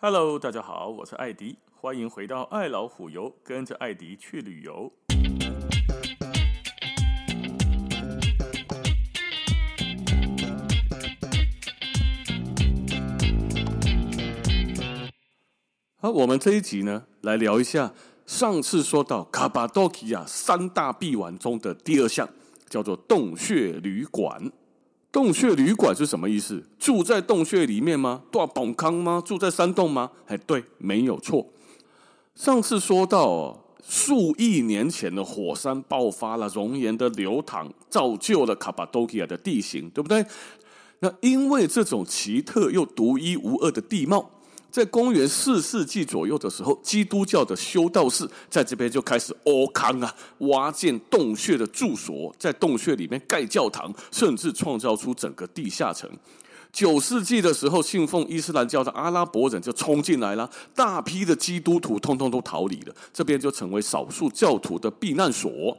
Hello，大家好，我是艾迪，歡迎回到愛老虎遊，跟着艾迪去旅遊。好，我們這一集呢，來聊一下上次說到卡帕多起亞三大必玩中的第二項，叫做洞穴旅館。洞穴旅館是什麼意思？住在洞穴裡面嗎？大棚坑嗎？住在山洞嗎？哎，對，沒有錯。上次說到數億年前的火山爆發了，熔岩的流淌造就了卡帕多起亞的地形，對不對？那因為這種奇特又獨一無二的地貌，在公元四世紀左右的時候，基督教的修道士在這邊就開始挖坑啊，挖建洞穴的住所，在洞穴裡面蓋教堂，甚至創造出整個地下城。九世紀的時候，信奉伊斯蘭教的阿拉伯人就衝進來了，大批的基督徒通通都逃離了，這邊就成為少數教徒的避難所。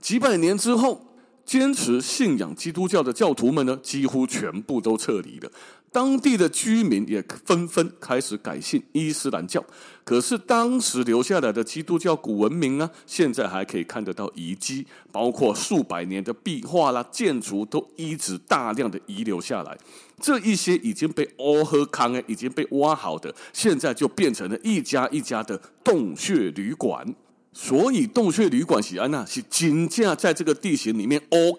幾百年之後。堅持信仰基督教的教徒們呢，幾乎全部都撤離了。當地的居民也紛紛開始改信伊斯蘭教。可是當時留下來的基督教古文明呢、啊，現在還可以看得到遺跡，包括數百年的壁畫啦、建築都一直大量的遺留下來。這一些已經被奧赫康哎已經被挖好的，現在就變成了一家一家的洞穴旅館。所以洞穴旅館喜安娜是金架在這個地形裡面 O、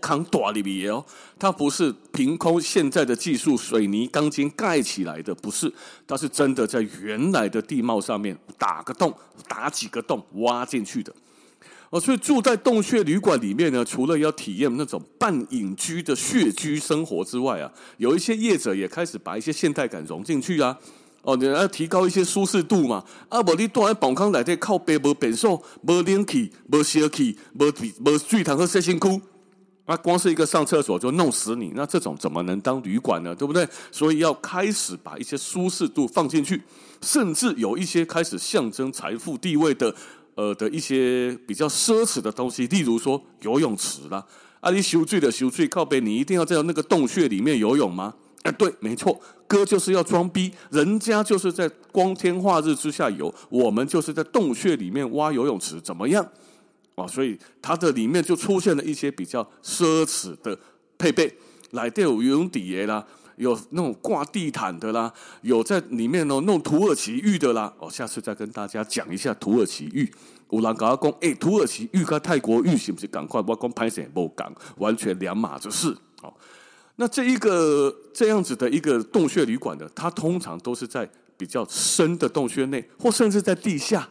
喔、它不是憑空現在的技術水泥鋼筋蓋起來的，不是，它是真的在原來的地貌上面打個洞，打幾個洞挖進去的。哦，所以住在洞穴旅館裡面呢，除了要體驗那種半隱居的穴居生活之外啊，有一些業者也開始把一些現代感融進去啊。哦，你要提高一些舒適度嘛？啊不的，無你躲在洞坑內底靠背無便所、無冷氣、無熱氣、無無水塘和洗身軀，那、啊、光是一個上廁所就弄死你。那這種怎麼能當旅館呢？對不對？所以要開始把一些舒適度放進去，甚至有一些開始象徵財富地位的，呃的一些比較奢侈的東西，例如說游泳池啦。啊你絲游最的游最靠背，你一定要在那個洞穴裡面游泳嗎？啊、對，沒錯，哥就是要裝逼，人家就是在光天化日之下游，我們就是在洞穴裡面挖游泳池，怎麼樣？哦，所以它的裡面就出現了一些比較奢侈的配備，來點游泳底鞋啦，有那種掛地毯的啦，有在裡面弄土耳其浴的啦。我、哦、下次再跟大家講一下土耳其浴。有人跟我講，土耳其浴跟泰國浴是不是趕快我講排也不講完全兩碼子事，哦。那這一個這樣子的一個洞穴旅館呢，它通常都是在比較深的洞穴內，或甚至在地下，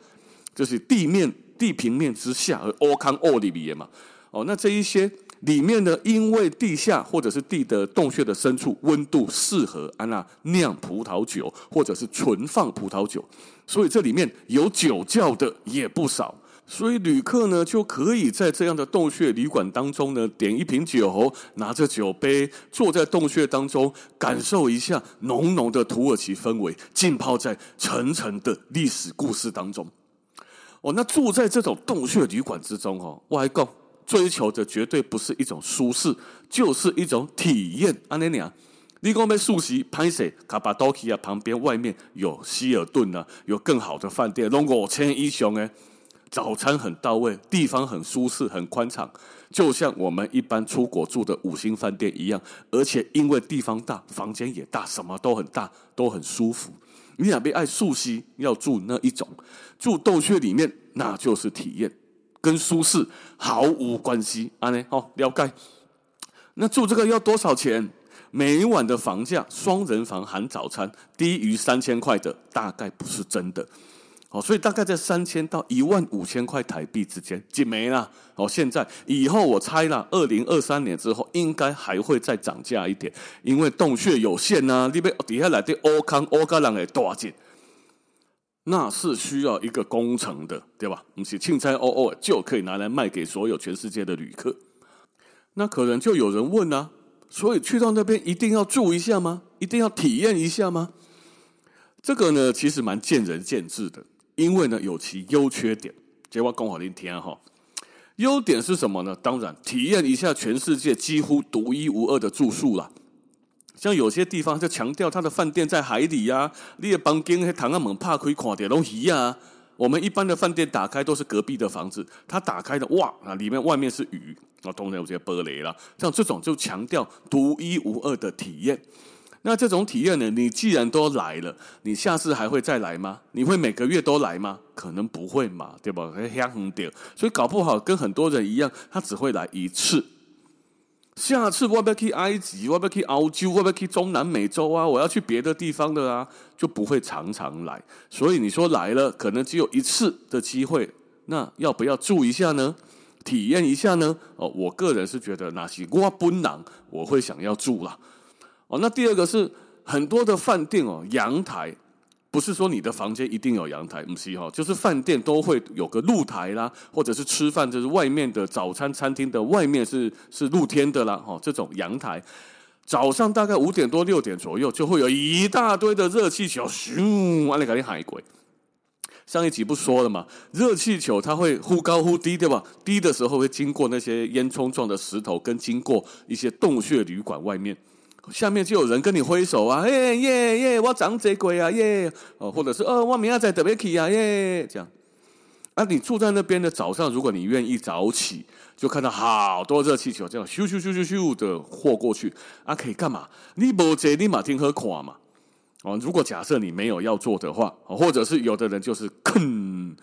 就是地面地平面之下，而奧康奧里比亞嘛。哦，那這一些裡面呢，因為地下或者是地的洞穴的深處，溫度適合安娜、啊、釀葡萄酒，或者是存放葡萄酒，所以這裡面有酒窖的也不少。所以旅客呢，就可以在這樣的洞穴旅館當中呢，點一瓶酒，拿着酒杯，坐在洞穴當中，感受一下濃濃的土耳其氛圍，浸泡在層層的歷史故事當中。哦，那住在這種洞穴旅館之中哦，我還講追求的絕對不是一種舒適，就是一種體驗。安尼你啊，你沒熟悉拍攝卡帕多起亞旁邊外面有希爾頓、啊、有更好的飯店，如果我穿衣裳呢？早餐很到位，地方很舒適，很寬敞，就像我們一般出國住的五星飯店一樣。而且因為地方大，房間也大，什麼都很大，都很舒服。你想要愛舒適，要住那一種，住洞穴裡面，那就是體驗跟舒適毫無關係。啊內喔，了解，那住這個要多少錢？每一晚的房價，雙人房含早餐，低於三千塊的大概不是真的。哦，所以大概在三千到一萬五千塊台幣之間，幾沒啦？哦，現在以後我猜啦，二零二三年之後應該還會再漲價一點，因為洞穴有限吶、啊。你別底下來的歐康歐格人的大件。那是需要一個工程的，對吧？不是青菜哦哦就可以拿來賣給所有全世界的旅客，那可能就有人問啦、啊，所以去到那邊一定要住一下嗎？一定要體驗一下嗎？這個呢，其實蠻見仁見智的。因為呢，有其優缺點，結果我講好你聽哈。優點是什麼呢？當然，體驗一下全世界幾乎獨一無二的住宿啦。像有些地方就強調他的飯店在海裡呀、啊，你的房間喺唐阿猛怕可以看掉落魚呀、啊。我們一般的飯店打開都是隔壁的房子，他打開的哇啊，裡面外面是魚啊，當然有這些波雷了。像這種就強調獨一無二的體驗。那這種體驗呢？你既然都來了，你下次還會再來嗎？你會每個月都來嗎？可能不會嘛，對吧？香很掉，所以搞不好跟很多人一樣，他只會來一次。下次我要去埃及，我要去澳洲，我要去中南美洲啊！我要去別的地方的啊，就不會常常來。所以你說來了，可能只有一次的機會，那要不要住一下呢？體驗一下呢？哦，我個人是覺得那些哇不難，我會想要住了啊。哦，那第二個是很多的飯店哦，陽台，不是說你的房間一定有陽台，唔西哈，就是飯店都會有個露台啦，或者是吃飯，就是外面的早餐餐廳的外面是是露天的啦，哦，這種陽台，早上大概五點多六點左右就會有一大堆的熱氣球，咻，阿里嘎喊海鬼，上一集不說了嘛，熱氣球它會忽高忽低，對吧？低的時候會經過那些煙囪狀的石頭，跟經過一些洞穴旅館外面。下面就有人跟你揮手啊，嘿耶耶耶，我長嘴鬼啊，耶、哦、或者是呃、哦，我明仔在特別去啊，耶這樣。啊，你住在那邊的早上如果你願意早起，就看到好多熱氣球這樣咻咻咻咻咻的過過去啊，可以幹嘛？你不這，你馬聽喝垮嘛？哦，如果假設你沒有要坐的話，或者是有的人就是坑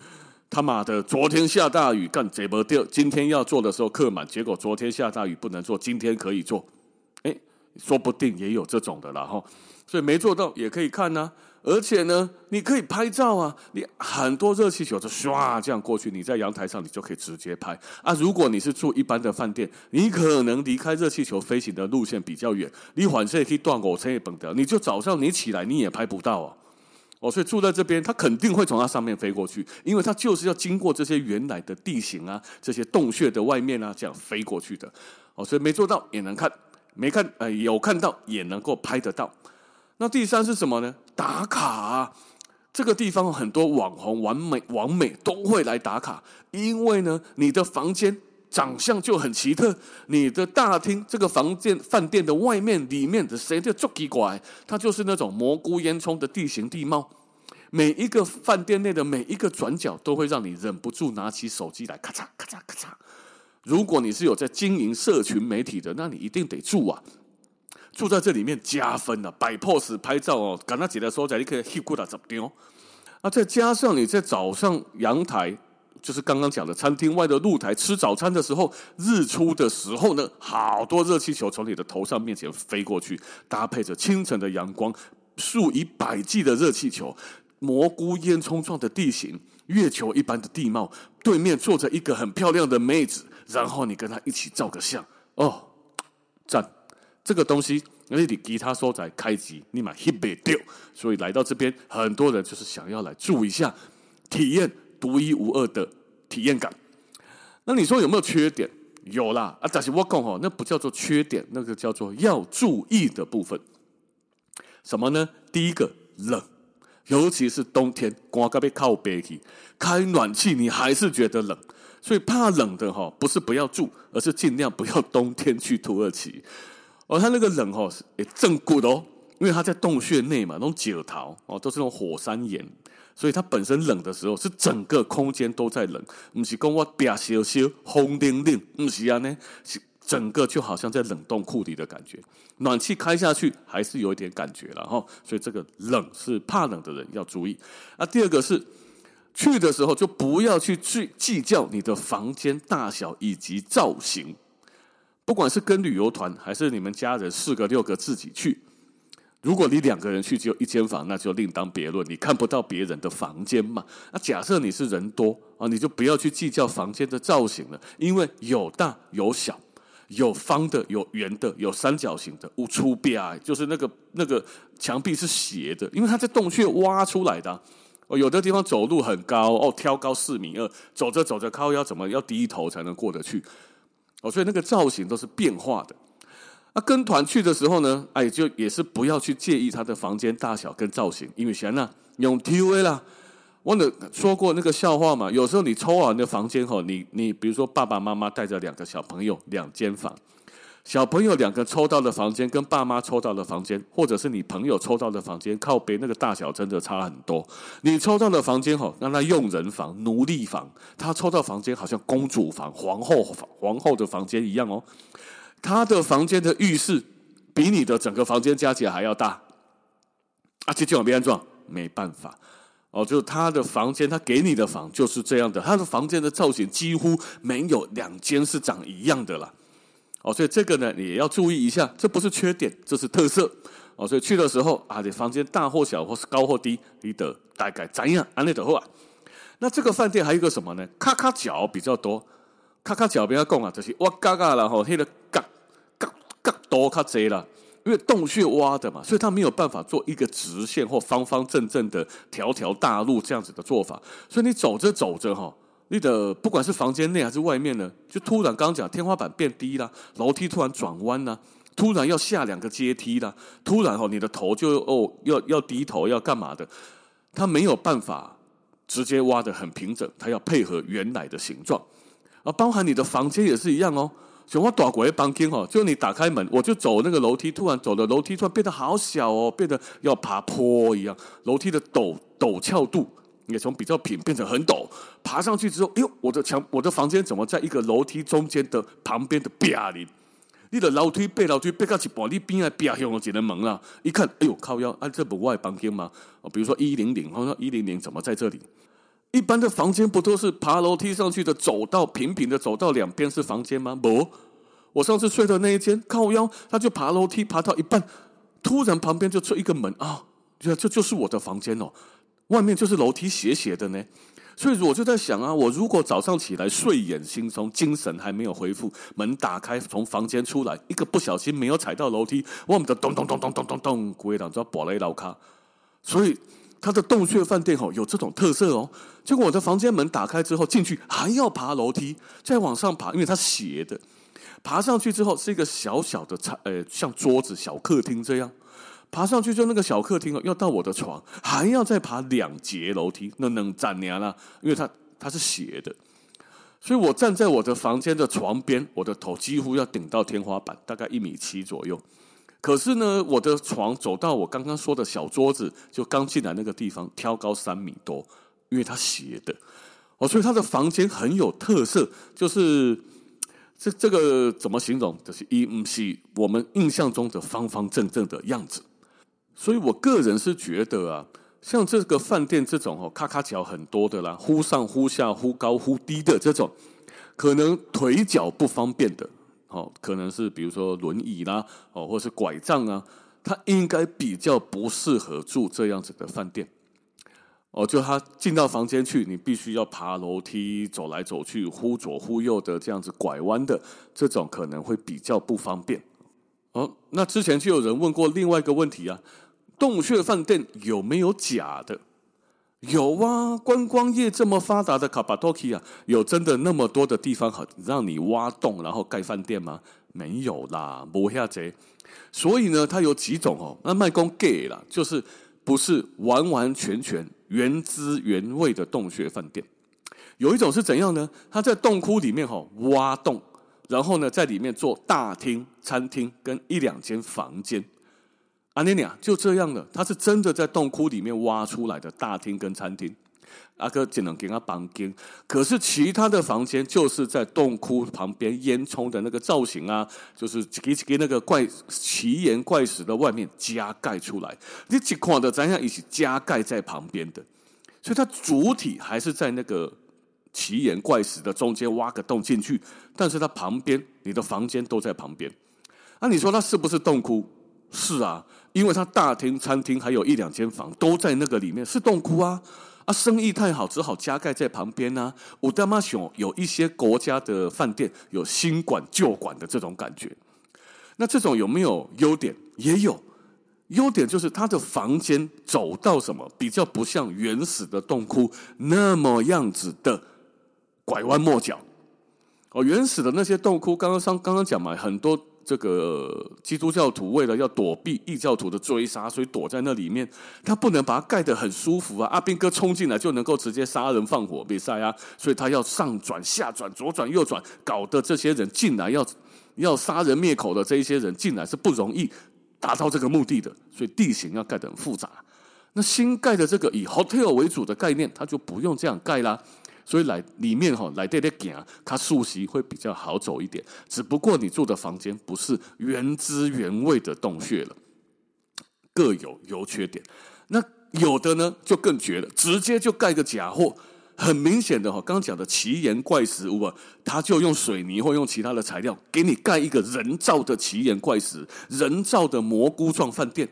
他媽的，昨天下大雨，幹這波掉，今天要坐的時候客滿，結果昨天下大雨不能坐，今天可以坐。說不定也有這種的了哈、哦，所以沒做到也可以看呢、啊。而且呢，你可以拍照啊，你很多熱氣球就刷、啊、這樣過去，你在陽台上你就可以直接拍啊。如果你是住一般的飯店，你可能離開熱氣球飛行的路線比較遠，你晚上也可以斷，我深夜蹦的，你就早上你起來你也拍不到、啊、哦，所以住在這邊，它肯定會從它上面飛過去，因為它就是要經過這些原來的地形啊，這些洞穴的外面啊，這樣飛過去的。哦，所以沒做到也能看。沒看，呃，有看到也能夠拍得到。那第三是什麼呢？打卡啊，這個地方，很多網紅、網美、網美都會來打卡。因為呢，你的房間長相就很奇特，你的大廳、這個房間、飯店的外面、裡面的誰的就給過來，它就是那種蘑菇煙囪的地形地貌。每一個飯店內的每一個轉角，都會讓你忍不住拿起手機來咔嚓，咔嚓咔嚓咔嚓。如果你是有在經營社群媒體的，那你一定得住啊，住在這裡面加分啊，擺 pose 拍照哦。剛才姐在說，在一個屁股上怎麼丟？再加上你在早上陽台，就是剛剛講的餐廳外的露台吃早餐的時候，日出的時候呢，好多熱氣球從你的頭上面前飛過去，搭配着清晨的陽光，數以百計的熱氣球，蘑菇煙囪狀的地形，月球一般的地貌，對面坐着一個很漂亮的妹子。然後你跟他一起照個相，哦，讚！這個東西，因為你吉他說在開機立馬 hit，所以來到這邊，很多人就是想要來住一下，體驗獨一無二的體驗感。那你說有沒有缺點？有啦！啊，但是我講哦，那不叫做缺點，那個叫做要注意的部分。什麼呢？第一個冷，尤其是冬天，光被靠背地開暖氣，你還是覺得冷。最怕冷的哈、hmm,，不是不要住，而是儘量不要冬天去土耳其。而、哦、它那個冷哦，也正骨的哦，因為它在洞穴內嘛，那種九桃哦，都是, Nevot, 都是那種火山岩，所以它本身冷的時候，是整個空間都在冷，不是跟我變小小轟叮叮，不是啊呢，是整個就好像在冷凍庫裡的感覺。暖氣開下去還是有一點感覺了哈、哦，所以這個冷是怕冷的人要注意。那、啊、第二個是。去的時候就不要去去計較你的房間大小以及造型，不管是跟旅遊團還是你們家人四個六個自己去，如果你兩個人去只有一間房，那就另當別論。你看不到別人的房間嘛、啊。那假設你是人多啊，你就不要去計較房間的造型了，因為有大有小，有方的，有圓的，有三角形的。無處邊就是那個那個牆壁是斜的，因為它在洞穴挖出來的、啊。哦，有的地方走路很高哦，挑高四米二，走着走着靠，靠腰怎麼要低頭才能過得去？哦，所以那個造型都是變化的。那、啊、跟團去的時候呢，哎、啊，就也是不要去介意他的房間大小跟造型，因為什麼用 TUA 啦，我有說過那個笑話嘛，有時候你抽完那房間後，你你比如說爸爸媽媽帶着兩個小朋友，兩間房。小朋友兩個抽到的房間跟爸媽抽到的房間，或者是你朋友抽到的房間靠邊那個大小真的差很多。你抽到的房間吼，讓他傭人房、奴隸房，他抽到房間好像公主房、皇后房、皇後的房間一樣哦。他的房間的浴室比你的整個房間加起來還要大。啊，這千萬別安裝，沒辦法哦。就是他的房間，他給你的房就是這樣的。他的房間的造型幾乎沒有兩間是長一樣的了。哦，所以這個呢，你也要注意一下，這不是缺點，這是特色。哦，所以去的時候啊，你房間大或小，或是高或低，你得大概怎樣安那的話。那這個飯店還有一個什麼呢？咔咔腳比較多，咔咔腳不要講啊，就是哇嘎嘎，然後黑的嘎嘎嘎多卡賊了，因為洞穴挖的嘛，所以他沒有辦法做一個直線或方方正正的條條大路這樣子的做法，所以你走着走着哈、哦。你的不管是房間內還是外面呢，就突然剛講天花板變低啦，樓梯突然轉彎啦，突然要下兩個階梯啦，突然哦，你的頭就哦要要低頭要幹嘛的。它沒有辦法直接挖得很平整，它要配合原來的形狀。而、啊、包含你的房間也是一樣哦。像我住過的房間哦，就你打開門，我就走那個樓梯，突然走的樓梯突然變得好小哦，變得要爬坡一樣，樓梯的陡陡峭度，也從比較平變成很陡，爬上去之後，哎呦，我的牆，我的房間怎麼在一個樓梯中間的旁邊的壁那裡？你的樓梯，背樓梯，背到一半，你邊來邊向我只能蒙了。一看，哎呦，靠腰，啊，這不是外房間嗎？哦、比如說一零零，我說一零零怎麼在這裡？一般的房間不都是爬樓梯上去的？走道平平的，走道兩邊是房間嗎？不，我上次睡的那一間靠腰，他就爬樓梯爬到一半，突然旁邊就出一個門啊，這、哦、這就是我的房間哦。外面就是樓梯斜斜的呢，所以我就在想啊，我如果早上起來睡眼惺忪，精神還沒有恢復，門打開，從房間出來，一個不小心沒有踩到樓梯，我們的咚咚咚咚咚咚咚，鬼搗就要爆了一樓卡。所以他的洞穴飯店吼、哦、有這種特色哦。結果我的房間門打開之後進去還要爬樓梯，再往上爬，因為它斜的，爬上去之後是一個小小的餐，呃，像桌子小客廳這樣。爬上去就那個小客廳了，要到我的床還要再爬兩節樓梯，那能怎麼樣呢？因為它它是斜的，所以我站在我的房間的床邊，我的頭幾乎要頂到天花板，大概一米七左右。可是呢，我的床走到我剛剛說的小桌子，就剛進來那個地方，挑高三米多，因為它斜的哦，所以他的房間很有特色，就是這這個怎麼形容？就是不是我們印象中的方方正正的樣子。所以我個人是覺得啊，像這個飯店這種哦，咔咔腳很多的啦，忽上忽下，忽高忽低的這種，可能腿腳不方便的哦，可能是比如說輪椅啦哦，或是拐杖啊，他應該比較不適合住這樣子的飯店哦。就他進到房間去，你必須要爬樓梯，走來走去，忽左忽右的這樣子拐彎的這種，可能會比較不方便哦。那之前就有人問過另外一個問題啊。洞穴飯店有沒有假的？有啊，觀光業這麼發達的卡帕多起亞，有真的那麼多的地方，好讓你挖洞然後蓋飯店嗎？沒有啦，不要這樣。所以呢，它有幾種哦。那賣公蓋了，就是不是完完全全原汁原味的洞穴飯店。有一種是怎樣呢？它在洞窟裡面哈挖，啊，洞，然後呢，在裡面做大廳、餐廳跟一兩間房間。阿妮妮啊，就這樣的，他是真的在洞窟裡面挖出來的大廳跟餐廳。阿哥只能給他綁緊，可是其他的房間就是在洞窟旁邊煙囪的那個造型啊，就是給給那個怪奇岩怪石的外面加蓋出來。這幾塊的咱像一起加蓋在旁邊的，所以它主體還是在那個奇岩怪石的中間挖個洞進去，但是它旁邊你的房間都在旁邊。那，啊，你說它是不是洞窟？是啊。因為它大廳、餐廳還有一兩間房都在那個裡面，是洞窟啊啊！生意太好，只好加蓋在旁邊啊。我他媽想，有一些國家的飯店有新館、舊館的這種感覺。那這種有沒有優點？也有優點，就是它的房間走到什麼，比較不像原始的洞窟那麼樣子的拐彎抹角。哦，原始的那些洞窟，剛剛上剛剛講嘛，很多。這個基督教徒為了要躲避異教徒的追殺，所以躲在那裡面。他不能把它蓋得很舒服啊！阿兵哥衝進來就能夠直接殺人放火，比賽啊！所以他要上轉下轉左轉右轉，搞得這些人進來要要殺人滅口的這一些人進來是不容易達到這個目的的。所以地形要蓋得很複雜。那新蓋的這個以 hotel 為主的概念，他就不用這樣蓋啦。所以來裡面哈來這邊講，它熟悉，會比較好走一點。只不過你住的房間不是原汁原味的洞穴了，各有優缺點。那有的呢就更絕了，直接就蓋個假貨。很明顯的哈、哦，剛剛講的奇岩怪石啊，他就用水泥或用其他的材料給你蓋一個人造的奇岩怪石，人造的蘑菇狀飯店，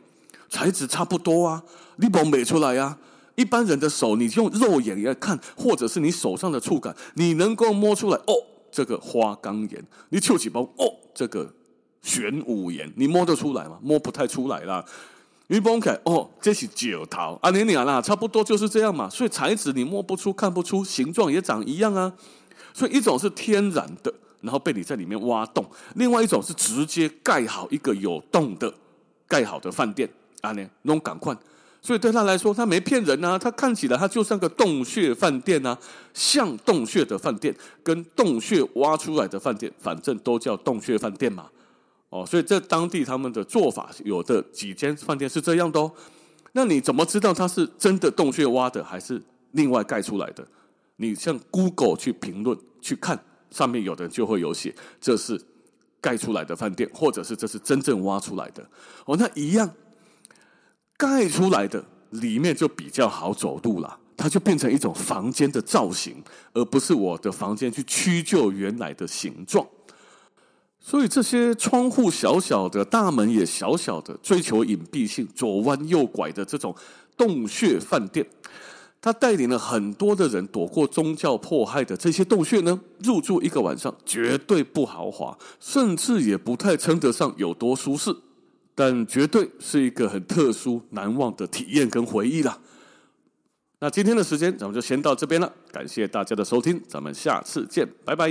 材質差不多啊，你把我美出來啊。一般人的手，你用肉眼來看，或者是你手上的觸感，你能夠摸出來哦？這個花崗岩，你揪起包哦？這個玄武岩，你摸得出來嗎？摸不太出來啦。你甭哦，這是酒桃啊，你你啦，差不多就是這樣嘛。所以材質你摸不出、看不出，形狀也長一樣啊。所以一種是天然的，然後被你在裡面挖洞，另外一種是直接蓋好一個有洞的、蓋好的飯店啊，呢弄趕快。所以對他來說，他沒騙人啊！他看起來他就像個洞穴飯店啊，像洞穴的飯店，跟洞穴挖出來的飯店，反正都叫洞穴飯店嘛。哦，所以這當地他們的做法，有的幾間飯店是這樣的哦。那你怎麼知道它是真的洞穴挖的，還是另外蓋出來的？你向 Google 去評論去看，上面有的就會有寫，這是蓋出來的飯店，或者是這是真正挖出來的。哦，那一樣。蓋出來的裡面就比較好走路了，它就變成一種房間的造型，而不是我的房間去屈就原來的形狀。所以這些窗戶小小的，大門也小小的，追求隱蔽性，左彎右拐的這種洞穴飯店，它帶領了很多的人躲過宗教迫害的這些洞穴呢。入住一個晚上，絕對不豪華，甚至也不太稱得上有多舒適。但絕對是一個很特殊、難忘的體驗跟回憶了。那今天的時間，咱們就先到這邊了。感謝大家的收聽，咱們下次見，拜拜。